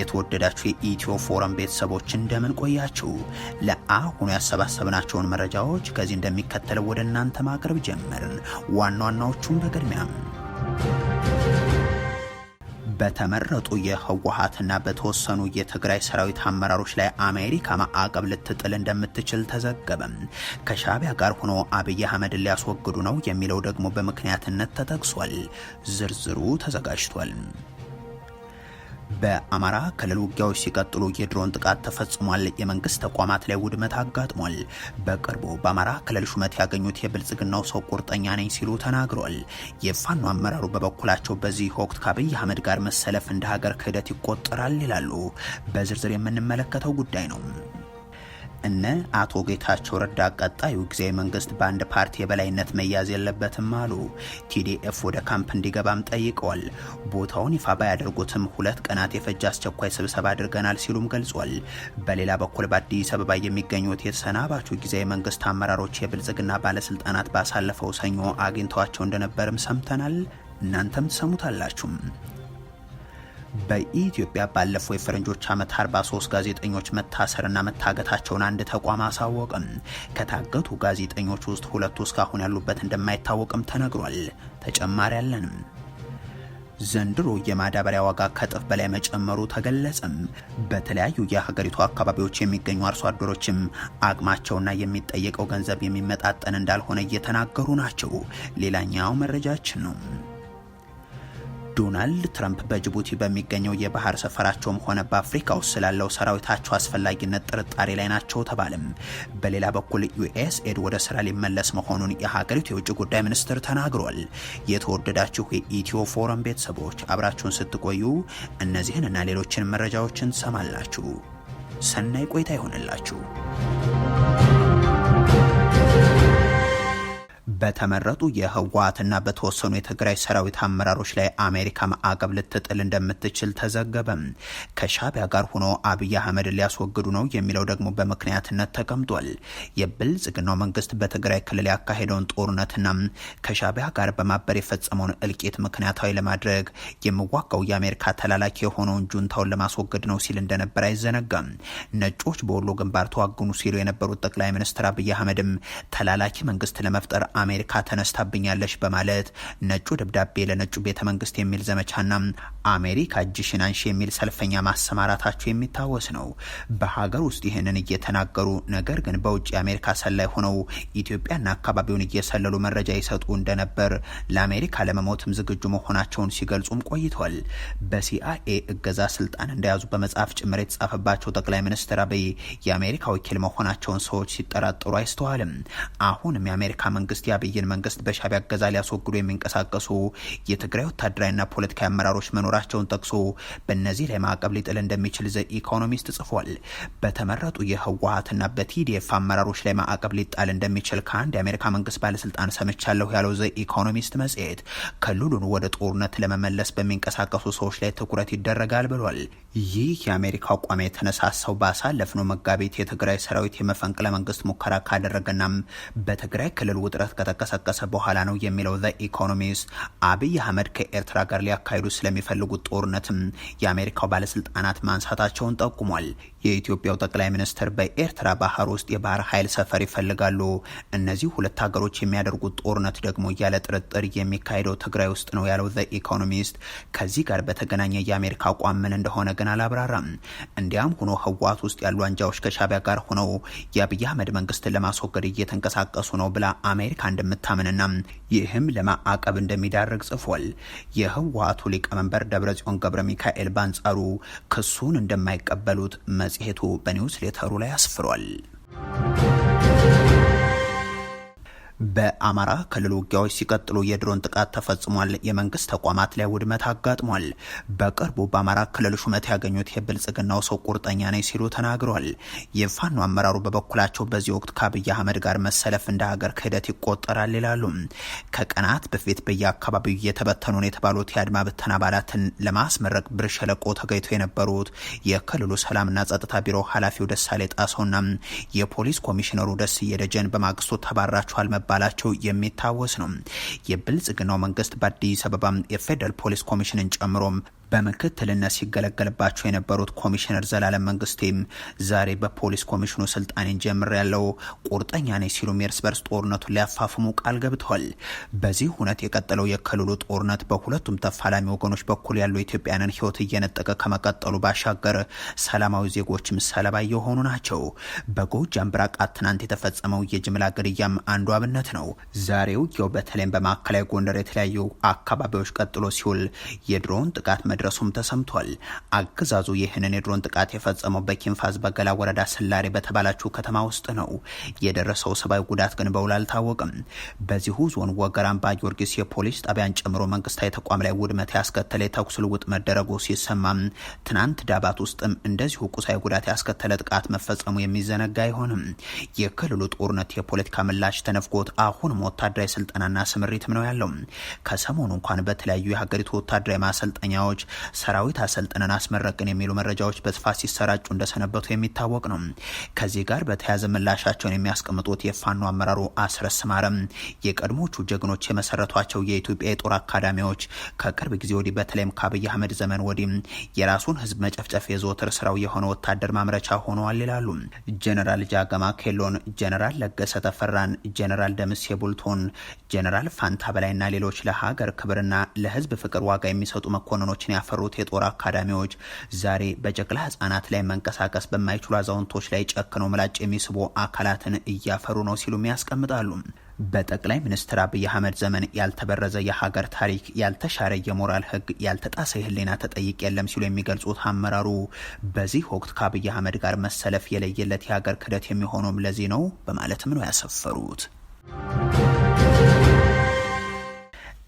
የተወደዳችሁ የኢትዮ ፎረም ቤተሰቦች እንደምን ቆያችሁ? ለአሁኑ ያሰባሰብናቸውን መረጃዎች ከዚህ እንደሚከተለው ወደ እናንተ ማቅረብ ጀመርን። ዋና ዋናዎቹን በቅድሚያም በተመረጡ የህወሓትና በተወሰኑ የትግራይ ሰራዊት አመራሮች ላይ አሜሪካ ማዕቀብ ልትጥል እንደምትችል ተዘገበ። ከሻቢያ ጋር ሆኖ አብይ አህመድን ሊያስወግዱ ነው የሚለው ደግሞ በምክንያትነት ተጠቅሷል። ዝርዝሩ ተዘጋጅቷል። በአማራ ክልል ውጊያዎች ሲቀጥሉ የድሮን ጥቃት ተፈጽሟል። የመንግስት ተቋማት ላይ ውድመት አጋጥሟል። በቅርቡ በአማራ ክልል ሹመት ያገኙት የብልጽግናው ሰው ቁርጠኛ ነኝ ሲሉ ተናግሯል። የፋኖ አመራሩ በበኩላቸው በዚህ ወቅት ከአብይ አህመድ ጋር መሰለፍ እንደ ሀገር ክህደት ይቆጠራል ይላሉ። በዝርዝር የምንመለከተው ጉዳይ ነው። እነ አቶ ጌታቸው ረዳ ቀጣዩ ጊዜያዊ መንግስት በአንድ ፓርቲ የበላይነት መያዝ የለበትም አሉ። ቲዲኤፍ ወደ ካምፕ እንዲገባም ጠይቀዋል። ቦታውን ይፋ ባያደርጉትም ሁለት ቀናት የፈጀ አስቸኳይ ስብሰባ አድርገናል ሲሉም ገልጿል። በሌላ በኩል በአዲስ አበባ የሚገኙት የተሰናባቹ ጊዜያዊ መንግስት አመራሮች የብልጽግና ባለስልጣናት ባሳለፈው ሰኞ አግኝተዋቸው እንደነበርም ሰምተናል። እናንተም ትሰሙታላችሁም። በኢትዮጵያ ባለፈው የፈረንጆች ዓመት 43 ጋዜጠኞች መታሰርና መታገታቸውን አንድ ተቋም አሳወቅም። ከታገቱ ጋዜጠኞች ውስጥ ሁለቱ እስካሁን ያሉበት እንደማይታወቅም ተነግሯል። ተጨማሪ አለንም። ዘንድሮ የማዳበሪያ ዋጋ ከጥፍ በላይ መጨመሩ ተገለጸም። በተለያዩ የሀገሪቱ አካባቢዎች የሚገኙ አርሶ አደሮችም አቅማቸውና የሚጠየቀው ገንዘብ የሚመጣጠን እንዳልሆነ እየተናገሩ ናቸው። ሌላኛው መረጃችን ነው። ዶናልድ ትራምፕ በጅቡቲ በሚገኘው የባህር ሰፈራቸውም ሆነ በአፍሪካ ውስጥ ስላለው ሰራዊታቸው አስፈላጊነት ጥርጣሬ ላይ ናቸው ተባለም። በሌላ በኩል ዩኤስ ኤድ ወደ ስራ ሊመለስ መሆኑን የሀገሪቱ የውጭ ጉዳይ ሚኒስትር ተናግሯል። የተወደዳችሁ የኢትዮ ፎረም ቤተሰቦች አብራችሁን ስትቆዩ እነዚህን እና ሌሎችን መረጃዎችን ሰማላችሁ። ሰናይ ቆይታ ይሆንላችሁ። በተመረጡ የህወሓትና በተወሰኑ የትግራይ ሰራዊት አመራሮች ላይ አሜሪካ ማዕቀብ ልትጥል እንደምትችል ተዘገበ። ከሻቢያ ጋር ሆኖ አብይ አህመድ ሊያስወግዱ ነው የሚለው ደግሞ በምክንያትነት ተቀምጧል። የብልጽግናው መንግስት በትግራይ ክልል ያካሄደውን ጦርነትና ከሻቢያ ጋር በማበር የፈጸመውን እልቂት ምክንያታዊ ለማድረግ የሚዋጋው የአሜሪካ ተላላኪ የሆነውን ጁንታውን ለማስወገድ ነው ሲል እንደነበር አይዘነጋም። ነጮች በወሎ ግንባር ተዋግኑ ሲሉ የነበሩት ጠቅላይ ሚኒስትር አብይ አህመድም ተላላኪ መንግስት ለመፍጠር አሜሪካ ተነስታብኛለች በማለት ነጩ ደብዳቤ ለነጩ ቤተ መንግስት የሚል ዘመቻና አሜሪካ እጅሽን አንሺ የሚል ሰልፈኛ ማሰማራታቸው የሚታወስ ነው። በሀገር ውስጥ ይህንን እየተናገሩ ነገር ግን በውጭ የአሜሪካ ሰላይ ሆነው ኢትዮጵያና አካባቢውን እየሰለሉ መረጃ ይሰጡ እንደነበር ለአሜሪካ ለመሞትም ዝግጁ መሆናቸውን ሲገልጹም ቆይቷል። በሲአይኤ እገዛ ስልጣን እንደያዙ በመጽሐፍ ጭምር የተጻፈባቸው ጠቅላይ ሚኒስትር አብይ የአሜሪካ ወኪል መሆናቸውን ሰዎች ሲጠራጠሩ አይስተዋልም። አሁንም የአሜሪካ መንግስት የአብይን መንግስት በሻዕቢያ አገዛ ሊያስወግዱ የሚንቀሳቀሱ የትግራይ ወታደራዊና ፖለቲካዊ አመራሮች መኖራቸውን ጠቅሶ በእነዚህ ላይ ማዕቀብ ሊጥል እንደሚችል ዘ ኢኮኖሚስት ጽፏል። በተመረጡ የህወሀትና በቲዲኤፍ አመራሮች ላይ ማዕቀብ ሊጣል እንደሚችል ከአንድ የአሜሪካ መንግስት ባለስልጣን ሰምቻለሁ ያለው ዘ ኢኮኖሚስት መጽሔት ክልሉን ወደ ጦርነት ለመመለስ በሚንቀሳቀሱ ሰዎች ላይ ትኩረት ይደረጋል ብሏል። ይህ የአሜሪካ አቋም የተነሳሳው ባሳለፍነው መጋቢት የትግራይ ሰራዊት የመፈንቅለ መንግስት ሙከራ ካደረገናም በትግራይ ክልል ውጥረት ከተቀሰቀሰ በኋላ ነው የሚለው ዘ ኢኮኖሚስት አብይ አህመድ ከኤርትራ ጋር ሊያካሂዱ ስለሚፈልጉት ጦርነትም የአሜሪካው ባለስልጣናት ማንሳታቸውን ጠቁሟል። የኢትዮጵያው ጠቅላይ ሚኒስትር በኤርትራ ባህር ውስጥ የባህር ኃይል ሰፈር ይፈልጋሉ። እነዚህ ሁለት ሀገሮች የሚያደርጉት ጦርነት ደግሞ ያለ ጥርጥር የሚካሄደው ትግራይ ውስጥ ነው ያለው ዘ ኢኮኖሚስት። ከዚህ ጋር በተገናኘ የአሜሪካ አቋም ምን እንደሆነ ግን አላብራራም። እንዲያም ሆኖ ህወሓት ውስጥ ያሉ አንጃዎች ከሻቢያ ጋር ሆነው የአብይ አህመድ መንግስትን ለማስወገድ እየተንቀሳቀሱ ነው ብላ አሜሪካ እንደምታምንና ይህም ለማዕቀብ እንደሚዳርግ ጽፏል። የህወሓቱ ሊቀመንበር ደብረጽዮን ገብረ ሚካኤል ባንጻሩ ክሱን እንደማይቀበሉት መ መጽሔቱ በኒውስ ሌተሩ ላይ አስፍሯል። በአማራ ክልል ውጊያዎች ሲቀጥሉ የድሮን ጥቃት ተፈጽሟል። የመንግስት ተቋማት ላይ ውድመት አጋጥሟል። በቅርቡ በአማራ ክልል ሹመት ያገኙት የብልጽግናው ሰው ቁርጠኛ ነኝ ሲሉ ተናግሯል የፋኖ አመራሩ በበኩላቸው በዚህ ወቅት ከአብይ አህመድ ጋር መሰለፍ እንደ ሀገር ክህደት ይቆጠራል ይላሉ። ከቀናት በፊት በየአካባቢው እየተበተኑ የተባሉት የአድማ ብተን አባላትን ለማስመረቅ ብር ሸለቆ ተገኝተው የነበሩት የክልሉ ሰላምና ጸጥታ ቢሮ ኃላፊው ደሳሌ ጣሰውና የፖሊስ ኮሚሽነሩ ደስ እየደጀን በማግስቱ ተባራችኋል መባላቸው የሚታወስ ነው። የብልጽግናው መንግስት በአዲስ አበባ የፌዴራል ፖሊስ ኮሚሽንን ጨምሮም በምክትልነት ሲገለገልባቸው የነበሩት ኮሚሽነር ዘላለም መንግስቴም ዛሬ በፖሊስ ኮሚሽኑ ስልጣኔን ጀምሬያለሁ፣ ቁርጠኛ ነኝ ሲሉም የእርስ በርስ ጦርነቱን ሊያፋፍሙ ቃል ገብተዋል። በዚህ እውነት የቀጠለው የክልሉ ጦርነት በሁለቱም ተፋላሚ ወገኖች በኩል ያለው ኢትዮጵያንን ህይወት እየነጠቀ ከመቀጠሉ ባሻገር ሰላማዊ ዜጎችም ሰለባ የሆኑ ናቸው። በጎጃም ብራቃት ትናንት የተፈጸመው የጅምላ ግድያም አንዱ አብነት ነው። ዛሬው ያው በተለይም በማዕከላዊ ጎንደር የተለያዩ አካባቢዎች ቀጥሎ ሲውል የድሮውን ጥቃት መድረሱም ተሰምቷል። አገዛዙ ይህንን የድሮን ጥቃት የፈጸመው በኪንፋዝ በገላ ወረዳ ስላሬ በተባላችው ከተማ ውስጥ ነው። የደረሰው ሰብአዊ ጉዳት ግን በውል አልታወቅም። በዚሁ ዞን ወገራ አምባ ጊዮርጊስ የፖሊስ ጣቢያን ጨምሮ መንግስታዊ ተቋም ላይ ውድመት ያስከተለ የተኩስ ልውውጥ መደረጉ ሲሰማም፣ ትናንት ዳባት ውስጥም እንደዚሁ ቁሳዊ ጉዳት ያስከተለ ጥቃት መፈጸሙ የሚዘነጋ አይሆንም። የክልሉ ጦርነት የፖለቲካ ምላሽ ተነፍጎት አሁንም ወታደራዊ ስልጠናና ስምሪትም ነው ያለው። ከሰሞኑ እንኳን በተለያዩ የሀገሪቱ ወታደራዊ ማሰልጠኛዎች ሰራዊት አሰልጥነን አስመረቅን የሚሉ መረጃዎች በስፋት ሲሰራጩ እንደሰነበቱ የሚታወቅ ነው። ከዚህ ጋር በተያያዘ ምላሻቸውን የሚያስቀምጡት የፋኖ አመራሩ አስረስ ማረም የቀድሞቹ ጀግኖች የመሰረቷቸው የኢትዮጵያ የጦር አካዳሚዎች ከቅርብ ጊዜ ወዲህ በተለይም ከአብይ አህመድ ዘመን ወዲህ የራሱን ህዝብ መጨፍጨፍ የዘወትር ስራው የሆነ ወታደር ማምረቻ ሆነዋል ይላሉ። ጀነራል ጃገማ ኬሎን፣ ጀነራል ለገሰ ተፈራን፣ ጀነራል ደምስ የቡልቶን፣ ጀነራል ፋንታ በላይና ሌሎች ለሀገር ክብርና ለህዝብ ፍቅር ዋጋ የሚሰጡ መኮንኖችን ያፈሩት የጦር አካዳሚዎች ዛሬ በጨቅላ ህጻናት ላይ መንቀሳቀስ በማይችሉ አዛውንቶች ላይ ጨክነው ምላጭ የሚስቡ አካላትን እያፈሩ ነው ሲሉም ያስቀምጣሉ። በጠቅላይ ሚኒስትር አብይ አህመድ ዘመን ያልተበረዘ የሀገር ታሪክ፣ ያልተሻረ የሞራል ህግ፣ ያልተጣሰ የህሊና ተጠይቅ የለም ሲሉ የሚገልጹት አመራሩ በዚህ ወቅት ከአብይ አህመድ ጋር መሰለፍ የለየለት የሀገር ክደት የሚሆነውም ለዚህ ነው በማለትም ነው ያሰፈሩት።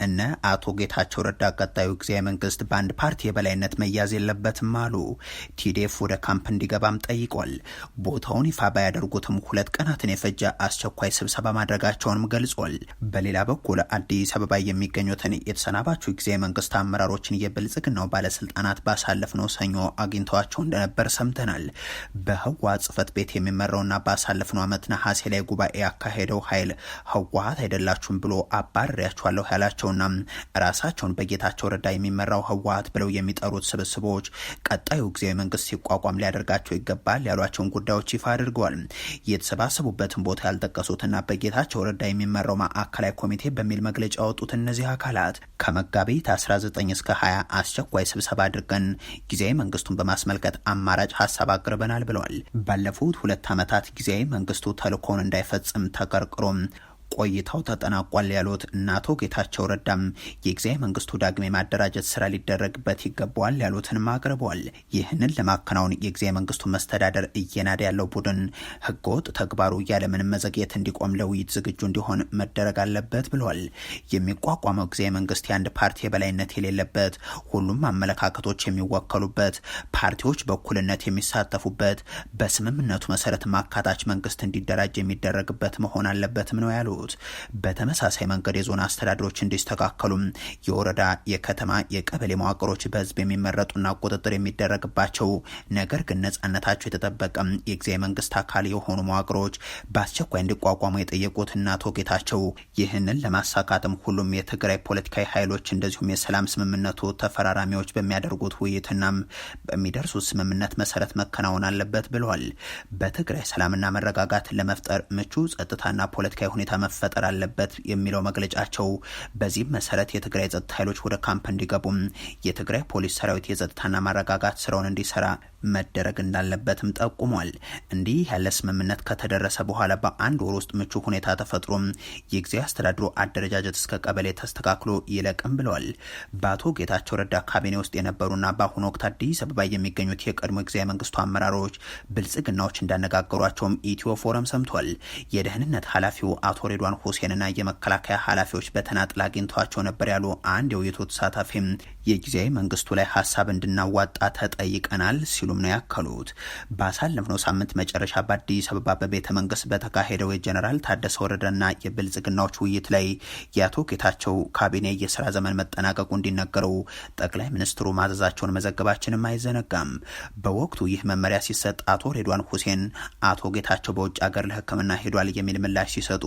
እነ አቶ ጌታቸው ረዳ ቀጣዩ ጊዜያዊ መንግስት በአንድ ፓርቲ የበላይነት መያዝ የለበትም አሉ። ቲዴፍ ወደ ካምፕ እንዲገባም ጠይቋል። ቦታውን ይፋ ባያደርጉትም ሁለት ቀናትን የፈጀ አስቸኳይ ስብሰባ ማድረጋቸውንም ገልጿል። በሌላ በኩል አዲስ አበባ የሚገኙትን የተሰናባቹ ጊዜያዊ መንግስት አመራሮችን የብልጽግናው ባለስልጣናት ባሳለፍነው ሰኞ አግኝተዋቸው እንደነበር ሰምተናል። በህዋ ጽህፈት ቤት የሚመራውና ባሳለፍነው ዓመት ነሐሴ ላይ ጉባኤ ያካሄደው ኃይል ህወሀት አይደላችሁም ብሎ አባረሪያችኋለሁ ያላቸውን ናቸውና ራሳቸውን በጌታቸው ረዳ የሚመራው ህወሀት ብለው የሚጠሩት ስብስቦች ቀጣዩ ጊዜያዊ መንግስት ሲቋቋም ሊያደርጋቸው ይገባል ያሏቸውን ጉዳዮች ይፋ አድርገዋል። የተሰባሰቡበትን ቦታ ያልጠቀሱትና በጌታቸው ረዳ የሚመራው ማዕከላዊ ኮሚቴ በሚል መግለጫ ያወጡት እነዚህ አካላት ከመጋቢት 19 እስከ 20 አስቸኳይ ስብሰባ አድርገን ጊዜያዊ መንግስቱን በማስመልከት አማራጭ ሀሳብ አቅርበናል ብለዋል። ባለፉት ሁለት ዓመታት ጊዜያዊ መንግስቱ ተልእኮውን እንዳይፈጽም ተቀርቅሮም ቆይታው ተጠናቋል ያሉት እነ አቶ ጌታቸው ረዳም የጊዜያዊ መንግስቱ ዳግም የማደራጀት ስራ ሊደረግበት ይገባዋል ያሉትንም አቅርበዋል። ይህንን ለማከናወን የጊዜያዊ መንግስቱ መስተዳደር እየናደ ያለው ቡድን ህገወጥ ተግባሩ ያለምንም መዘግየት እንዲቆም ለውይይት ዝግጁ እንዲሆን መደረግ አለበት ብለል የሚቋቋመው ጊዜያዊ መንግስት የአንድ ፓርቲ የበላይነት የሌለበት፣ ሁሉም አመለካከቶች የሚወከሉበት፣ ፓርቲዎች በኩልነት የሚሳተፉበት፣ በስምምነቱ መሰረት ማካታች መንግስት እንዲደራጅ የሚደረግበት መሆን አለበትም ነው ያሉ ያሉት። በተመሳሳይ መንገድ የዞን አስተዳደሮች እንዲስተካከሉም የወረዳ የከተማ የቀበሌ መዋቅሮች በህዝብ የሚመረጡና ቁጥጥር የሚደረግባቸው ነገር ግን ነጻነታቸው የተጠበቀ የጊዜያዊ መንግስት አካል የሆኑ መዋቅሮች በአስቸኳይ እንዲቋቋሙ የጠየቁት እና ጌታቸው ይህንን ለማሳካትም ሁሉም የትግራይ ፖለቲካዊ ኃይሎች እንደዚሁም የሰላም ስምምነቱ ተፈራራሚዎች በሚያደርጉት ውይይትና በሚደርሱት ስምምነት መሰረት መከናወን አለበት ብለዋል። በትግራይ ሰላምና መረጋጋት ለመፍጠር ምቹ ጸጥታና ፖለቲካዊ ሁኔታ መፈጠር አለበት የሚለው መግለጫቸው፣ በዚህም መሰረት የትግራይ ጸጥታ ኃይሎች ወደ ካምፕ እንዲገቡም የትግራይ ፖሊስ ሰራዊት የጸጥታና ማረጋጋት ስራውን እንዲሰራ መደረግ እንዳለበትም ጠቁሟል። እንዲህ ያለ ስምምነት ከተደረሰ በኋላ በአንድ ወር ውስጥ ምቹ ሁኔታ ተፈጥሮም የጊዜ አስተዳድሩ አደረጃጀት እስከ ቀበሌ ተስተካክሎ ይለቅም ብለዋል። በአቶ ጌታቸው ረዳ ካቢኔ ውስጥ የነበሩና በአሁኑ ወቅት አዲስ አበባ የሚገኙት የቀድሞ ጊዜያዊ መንግስቱ አመራሮች ብልጽግናዎች እንዳነጋገሯቸውም ኢትዮ ፎረም ሰምቷል። የደህንነት ኃላፊው አቶ ሬድዋን ሁሴንና የመከላከያ ኃላፊዎች በተናጥል አግኝተዋቸው ነበር ያሉ አንድ የውይይቱ ተሳታፊም የጊዜያዊ መንግስቱ ላይ ሀሳብ እንድናዋጣ ተጠይቀናል ሲሉም ነው ያከሉት። ባሳለፍነው ሳምንት መጨረሻ በአዲስ አበባ በቤተ መንግስት በተካሄደው የጀነራል ታደሰ ወረደና የብልጽግናዎች ውይይት ላይ የአቶ ጌታቸው ካቢኔ የስራ ዘመን መጠናቀቁ እንዲነገረው ጠቅላይ ሚኒስትሩ ማዘዛቸውን መዘገባችንም አይዘነጋም። በወቅቱ ይህ መመሪያ ሲሰጥ አቶ ሬድዋን ሁሴን አቶ ጌታቸው በውጭ ሀገር ለሕክምና ሄዷል የሚል ምላሽ ሲሰጡ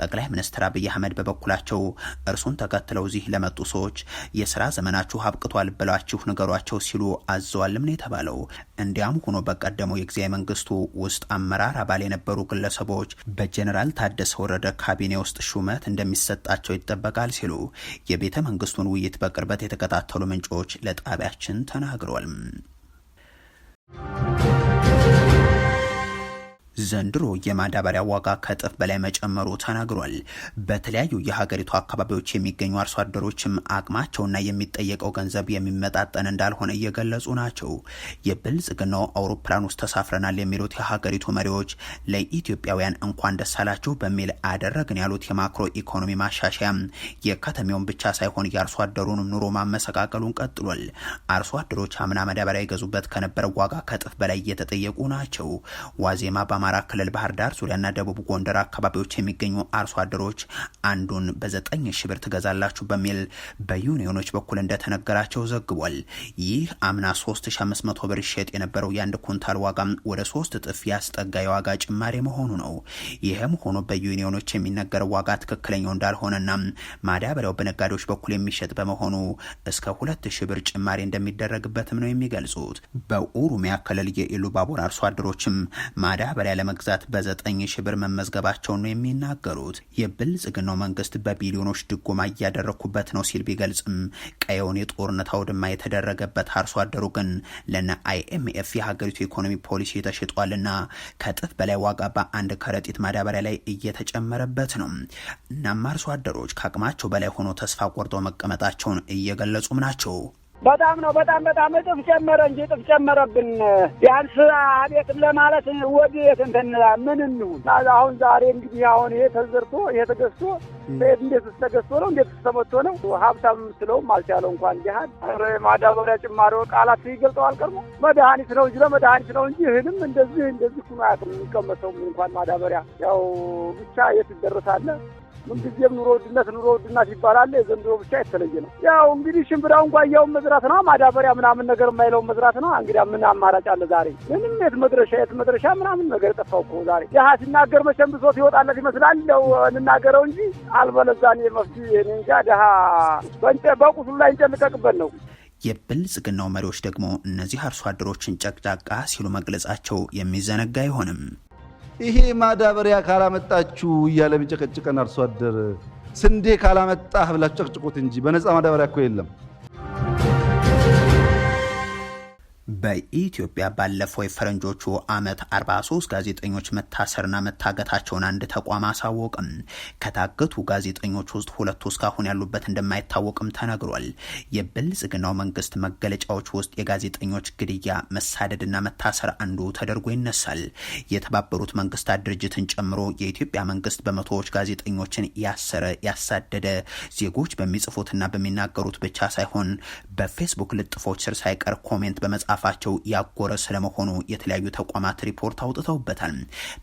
ጠቅላይ ሚኒስትር አብይ አህመድ በበኩላቸው እርሱን ተከትለው እዚህ ለመጡ ሰዎች የስራ ዘመናችሁ አብቅቷል ብላችሁ ንገሯቸው ሲሉ አዘዋልም ነው የተባለው። እንዲያም ሆኖ በቀደመው የጊዜያዊ መንግስቱ ውስጥ አመራር አባል የነበሩ ግለሰቦች በጀኔራል ታደሰ ወረደ ካቢኔ ውስጥ ሹመት እንደሚሰጣቸው ይጠበቃል ሲሉ የቤተ መንግስቱን ውይይት በቅርበት የተከታተሉ ምንጮች ለጣቢያችን ተናግረዋል። ዘንድሮ የማዳበሪያ ዋጋ ከእጥፍ በላይ መጨመሩ ተናግሯል። በተለያዩ የሀገሪቱ አካባቢዎች የሚገኙ አርሶ አደሮችም አቅማቸውና የሚጠየቀው ገንዘብ የሚመጣጠን እንዳልሆነ እየገለጹ ናቸው። የብልጽግናው አውሮፕላን ውስጥ ተሳፍረናል የሚሉት የሀገሪቱ መሪዎች ለኢትዮጵያውያን እንኳን ደስ አላችሁ በሚል አደረግን ያሉት የማክሮ ኢኮኖሚ ማሻሻያ የከተሜውን ብቻ ሳይሆን የአርሶ አደሩንም ኑሮ ማመሰቃቀሉን ቀጥሏል። አርሶ አደሮች አምና ማዳበሪያ ይገዙበት ከነበረው ዋጋ ከእጥፍ በላይ እየተጠየቁ ናቸው። ዋዜማ በአማራ ክልል ባህር ዳር ዙሪያና ደቡብ ጎንደር አካባቢዎች የሚገኙ አርሶ አደሮች አንዱን በዘጠኝ ሺህ ብር ትገዛላችሁ በሚል በዩኒዮኖች በኩል እንደተነገራቸው ዘግቧል። ይህ አምና 3500 ብር ይሸጥ የነበረው የአንድ ኩንታል ዋጋም ወደ ሶስት እጥፍ ያስጠጋ የዋጋ ጭማሪ መሆኑ ነው። ይህም ሆኖ በዩኒዮኖች የሚነገረው ዋጋ ትክክለኛው እንዳልሆነና ማዳበሪያው በነጋዴዎች በኩል የሚሸጥ በመሆኑ እስከ ሁለት ሺህ ብር ጭማሪ እንደሚደረግበትም ነው የሚገልጹት። በኦሮሚያ ክልል የኢሉባቡር አርሶ አደሮችም ማዳበሪያ ለመግዛት በዘጠኝ ሺ ብር መመዝገባቸውን ነው የሚናገሩት። የብልጽግናው መንግስት በቢሊዮኖች ድጎማ እያደረግኩበት ነው ሲል ቢገልጽም ቀየውን የጦርነት አውድማ የተደረገበት አርሶ አደሩ ግን ለነ አይኤምኤፍ የሀገሪቱ ኢኮኖሚ ፖሊሲ ተሽጧልና ከጥፍ በላይ ዋጋ በአንድ ከረጢት ማዳበሪያ ላይ እየተጨመረበት ነው። እናም አርሶ አደሮች ከአቅማቸው በላይ ሆኖ ተስፋ ቆርጠው መቀመጣቸውን እየገለጹም ናቸው። በጣም ነው በጣም በጣም እጥፍ ጨመረ እንጂ እጥፍ ጨመረብን። ቢያንስ አቤትም ለማለት ወዴት እንትን ምን እንሁን አሁን ዛሬ እንግዲህ አሁን ይሄ ተዘርቶ ይሄ ተገዝቶ እንዴት ተገዝቶ ነው እንዴት ተመቶ ነው ሀብታም ስለውም አልቻለው እንኳን ዲሃድ ማዳበሪያ ጭማሪ ቃላት ይገልጠው አልቀርሞ መድኃኒት ነው እንጂ ለመድኃኒት ነው እንጂ እህልም እንደዚህ እንደዚህ ሁኖ አያውቅም የሚቀመሰው እንኳን ማዳበሪያ ያው ብቻ የት ይደረሳለ ምንጊዜም ኑሮ ውድነት ኑሮ ውድነት ይባላል። የዘንድሮ ብቻ የተለየ ነው። ያው እንግዲህ ሽምብራውን ጓያውን መዝራት ነው፣ ማዳበሪያ ምናምን ነገር የማይለውን መዝራት ነው። እንግዲህ ምን አማራጭ አለ? ዛሬ ምንም የት መድረሻ የት መድረሻ ምናምን ነገር የጠፋው እኮ ዛሬ። ድሀ ሲናገር መቼም ብሶት ይወጣለት ይመስላል። ያው እንናገረው እንጂ አልበለዛን የመፍትሄ እኔ እንጃ። ድሀ በቁስሉ ላይ እንጨልቀቅበት ነው። የብልጽግናው መሪዎች ደግሞ እነዚህ አርሶ አደሮችን ጨቅጫቃ ሲሉ መግለጻቸው የሚዘነጋ አይሆንም። ይሄ ማዳበሪያ ካላመጣችሁ እያለ ቢጨቀጭቀን አርሶ አደር ስንዴ ካላመጣህ ብላችሁ ጨቅጭቁት እንጂ በነፃ ማዳበሪያ እኮ የለም። በኢትዮጵያ ባለፈው የፈረንጆቹ አመት 43 ጋዜጠኞች መታሰርና መታገታቸውን አንድ ተቋም አሳወቅም። ከታገቱ ጋዜጠኞች ውስጥ ሁለቱ እስካሁን ያሉበት እንደማይታወቅም ተነግሯል። የብልጽግናው መንግስት መገለጫዎች ውስጥ የጋዜጠኞች ግድያ፣ መሳደድና መታሰር አንዱ ተደርጎ ይነሳል። የተባበሩት መንግስታት ድርጅትን ጨምሮ የኢትዮጵያ መንግስት በመቶዎች ጋዜጠኞችን ያሰረ፣ ያሳደደ ዜጎች በሚጽፉትና በሚናገሩት ብቻ ሳይሆን በፌስቡክ ልጥፎች ስር ሳይቀር ኮሜንት በመጻፋቸው መሆናቸው ያጎረ ስለመሆኑ የተለያዩ ተቋማት ሪፖርት አውጥተውበታል።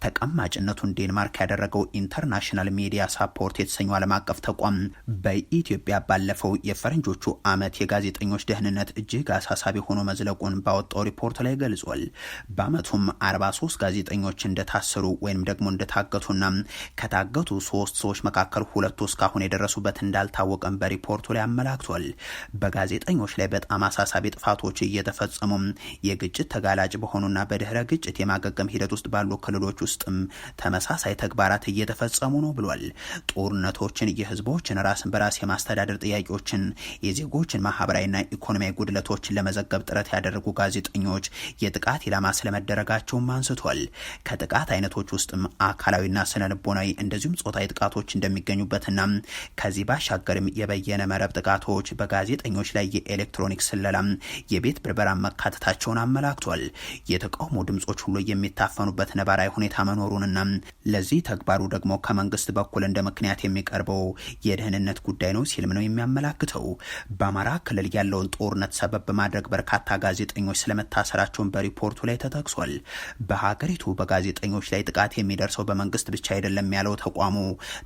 ተቀማጭነቱን ዴንማርክ ያደረገው ኢንተርናሽናል ሚዲያ ሳፖርት የተሰኘው ዓለም አቀፍ ተቋም በኢትዮጵያ ባለፈው የፈረንጆቹ ዓመት የጋዜጠኞች ደህንነት እጅግ አሳሳቢ ሆኖ መዝለቁን ባወጣው ሪፖርት ላይ ገልጿል። በዓመቱም 43 ጋዜጠኞች እንደታሰሩ ወይም ደግሞ እንደታገቱና ከታገቱ ሶስት ሰዎች መካከል ሁለቱ እስካሁን የደረሱበት እንዳልታወቀም በሪፖርቱ ላይ አመላክቷል። በጋዜጠኞች ላይ በጣም አሳሳቢ ጥፋቶች እየተፈጸሙም የግጭት ተጋላጭ በሆኑና በድህረ ግጭት የማገገም ሂደት ውስጥ ባሉ ክልሎች ውስጥም ተመሳሳይ ተግባራት እየተፈጸሙ ነው ብሏል። ጦርነቶችን፣ የህዝቦችን ራስን በራስ የማስተዳደር ጥያቄዎችን፣ የዜጎችን ማህበራዊና ኢኮኖሚያዊ ጉድለቶችን ለመዘገብ ጥረት ያደረጉ ጋዜጠኞች የጥቃት ኢላማ ስለመደረጋቸውም አንስቷል። ከጥቃት አይነቶች ውስጥም አካላዊና ስነ ልቦናዊ እንደዚሁም ጾታዊ ጥቃቶች እንደሚገኙበትና ከዚህ ባሻገርም የበየነ መረብ ጥቃቶች፣ በጋዜጠኞች ላይ የኤሌክትሮኒክ ስለላ፣ የቤት ብርበራ መካተት መምታታቸውን አመላክቷል። የተቃውሞ ድምጾች ሁሉ የሚታፈኑበት ነባራዊ ሁኔታ መኖሩንና ለዚህ ተግባሩ ደግሞ ከመንግስት በኩል እንደ ምክንያት የሚቀርበው የደህንነት ጉዳይ ነው ሲልም ነው የሚያመላክተው። በአማራ ክልል ያለውን ጦርነት ሰበብ በማድረግ በርካታ ጋዜጠኞች ስለመታሰራቸውን በሪፖርቱ ላይ ተጠቅሷል። በሀገሪቱ በጋዜጠኞች ላይ ጥቃት የሚደርሰው በመንግስት ብቻ አይደለም ያለው ተቋሙ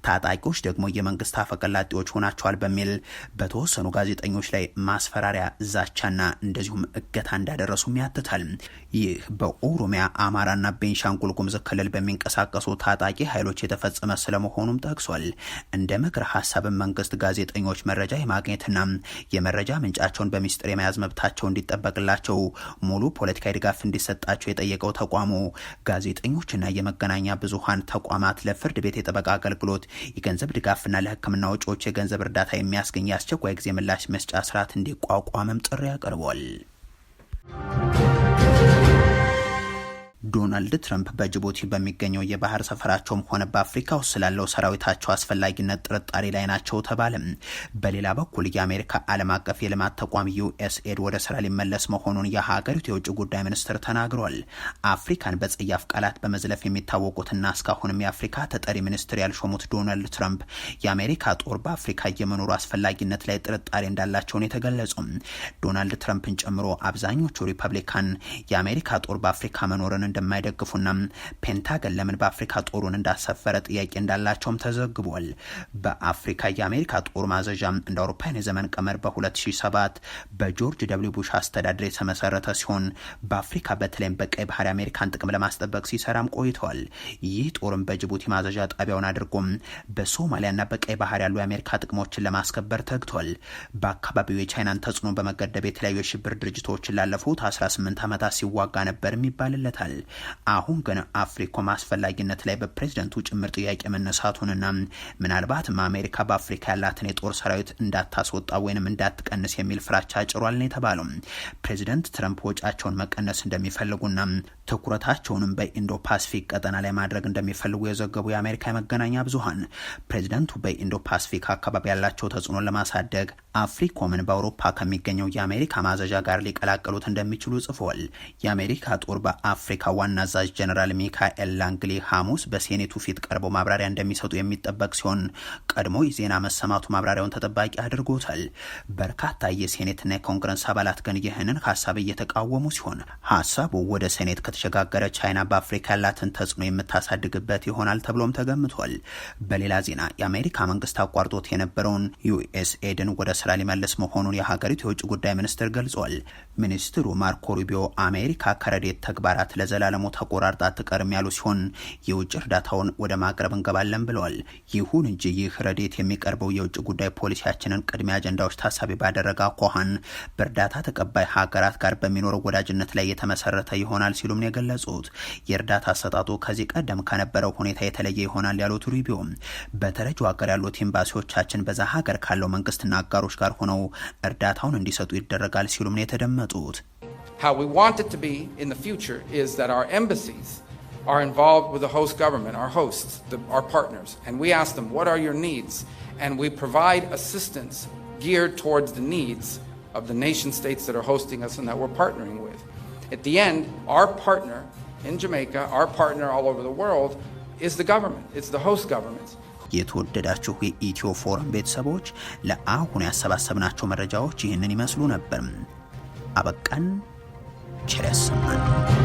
ታጣቂዎች ደግሞ የመንግስት አፈቀላጤዎች ሆናቸዋል በሚል በተወሰኑ ጋዜጠኞች ላይ ማስፈራሪያ፣ ዛቻና እንደዚሁም እገታ እንዳደረ እንደደረሱም ያትታል። ይህ በኦሮሚያ አማራና ቤንሻንጉል ጉምዝ ክልል በሚንቀሳቀሱ ታጣቂ ኃይሎች የተፈጸመ ስለመሆኑም ጠቅሷል። እንደ ምክር ሀሳብን መንግስት ጋዜጠኞች መረጃ የማግኘትና የመረጃ ምንጫቸውን በሚስጥር የመያዝ መብታቸው እንዲጠበቅላቸው ሙሉ ፖለቲካዊ ድጋፍ እንዲሰጣቸው የጠየቀው ተቋሙ ጋዜጠኞችና የመገናኛ ብዙሀን ተቋማት ለፍርድ ቤት የጠበቃ አገልግሎት የገንዘብ ድጋፍና ለሕክምና ወጪዎች የገንዘብ እርዳታ የሚያስገኝ የአስቸኳይ ጊዜ ምላሽ መስጫ ስርዓት እንዲቋቋምም ጥሪ አቅርቧል። Música ዶናልድ ትረምፕ በጅቡቲ በሚገኘው የባህር ሰፈራቸውም ሆነ በአፍሪካ ውስጥ ስላለው ሰራዊታቸው አስፈላጊነት ጥርጣሬ ላይ ናቸው ተባለ። በሌላ በኩል የአሜሪካ ዓለም አቀፍ የልማት ተቋም ዩኤስኤድ ወደ ስራ ሊመለስ መሆኑን የሀገሪቱ የውጭ ጉዳይ ሚኒስትር ተናግሯል። አፍሪካን በጸያፍ ቃላት በመዝለፍ የሚታወቁትና እስካሁንም የአፍሪካ ተጠሪ ሚኒስትር ያልሾሙት ዶናልድ ትረምፕ የአሜሪካ ጦር በአፍሪካ የመኖሩ አስፈላጊነት ላይ ጥርጣሬ እንዳላቸውን የተገለጹ ዶናልድ ትረምፕን ጨምሮ አብዛኞቹ ሪፐብሊካን የአሜሪካ ጦር በአፍሪካ መኖርን እንደማይደግፉና ፔንታገን ለምን በአፍሪካ ጦሩን እንዳሰፈረ ጥያቄ እንዳላቸውም ተዘግቧል። በአፍሪካ የአሜሪካ ጦር ማዘዣ እንደ አውሮፓውያን የዘመን ቀመር በ2007 በጆርጅ ደብሊው ቡሽ አስተዳደር የተመሰረተ ሲሆን በአፍሪካ በተለይም በቀይ ባህር የአሜሪካን ጥቅም ለማስጠበቅ ሲሰራም ቆይተዋል። ይህ ጦርም በጅቡቲ ማዘዣ ጣቢያውን አድርጎም በሶማሊያና በቀይ ባህር ያሉ የአሜሪካ ጥቅሞችን ለማስከበር ተግቷል። በአካባቢው የቻይናን ተጽዕኖ በመገደብ የተለያዩ የሽብር ድርጅቶችን ላለፉት 18 ዓመታት ሲዋጋ ነበር ይባልለታል። አሁን ግን አፍሪኮም አስፈላጊነት ላይ በፕሬዝደንቱ ጭምር ጥያቄ መነሳቱንና ምናልባትም አሜሪካ በአፍሪካ ያላትን የጦር ሰራዊት እንዳታስወጣ ወይንም እንዳትቀንስ የሚል ፍራቻ ጭሯል ነው የተባለው። ፕሬዚደንት ትረምፕ ወጫቸውን መቀነስ እንደሚፈልጉና ትኩረታቸውንም በኢንዶ ፓስፊክ ቀጠና ላይ ማድረግ እንደሚፈልጉ የዘገቡ የአሜሪካ የመገናኛ ብዙሀን ፕሬዚደንቱ በኢንዶ ፓስፊክ አካባቢ ያላቸው ተጽዕኖ ለማሳደግ አፍሪኮምን በአውሮፓ ከሚገኘው የአሜሪካ ማዘዣ ጋር ሊቀላቀሉት እንደሚችሉ ጽፏል። የአሜሪካ ጦር በአፍሪካ ዋና አዛዥ ጀነራል ሚካኤል ላንግሊ ሐሙስ በሴኔቱ ፊት ቀርበው ማብራሪያ እንደሚሰጡ የሚጠበቅ ሲሆን ቀድሞ የዜና መሰማቱ ማብራሪያውን ተጠባቂ አድርጎታል። በርካታ የሴኔትና የኮንግረስ አባላት ግን ይህንን ሀሳብ እየተቃወሙ ሲሆን ሀሳቡ ወደ ሴኔት ከተሸጋገረ ቻይና በአፍሪካ ያላትን ተጽዕኖ የምታሳድግበት ይሆናል ተብሎም ተገምቷል። በሌላ ዜና የአሜሪካ መንግስት አቋርጦት የነበረውን ዩኤስኤድን ወደ ስራ ሊመልስ መሆኑን የሀገሪቱ የውጭ ጉዳይ ሚኒስትር ገልጿል። ሚኒስትሩ ማርኮ ሩቢዮ አሜሪካ ከረዴት ተግባራት ለዘ ለዘላለሙ ተቆራርጣ አትቀርም ያሉ ሲሆን የውጭ እርዳታውን ወደ ማቅረብ እንገባለን ብለዋል። ይሁን እንጂ ይህ ረዴት የሚቀርበው የውጭ ጉዳይ ፖሊሲያችንን ቅድሚያ አጀንዳዎች ታሳቢ ባደረገ አኳኋን በእርዳታ ተቀባይ ሀገራት ጋር በሚኖረው ወዳጅነት ላይ የተመሰረተ ይሆናል ሲሉም ነው የገለጹት። የእርዳታ አሰጣጡ ከዚህ ቀደም ከነበረው ሁኔታ የተለየ ይሆናል ያሉት ሩቢዮም በተረጁ ሀገር ያሉት ኤምባሲዎቻችን በዛ ሀገር ካለው መንግስትና አጋሮች ጋር ሆነው እርዳታውን እንዲሰጡ ይደረጋል ሲሉም ነው የተደመጡት። How we want it to be in the future is that our embassies are involved with the host government, our hosts, the, our partners, and we ask them, what are your needs? And we provide assistance geared towards the needs of the nation states that are hosting us and that we're partnering with. At the end, our partner in Jamaica, our partner all over the world, is the government, it's the host government. የተወደዳችሁ የኢትዮ ፎረም ቤተሰቦች ለአሁን ያሰባሰብናቸው መረጃዎች ይህንን ይመስሉ ነበር። አበቃን። içerisinden.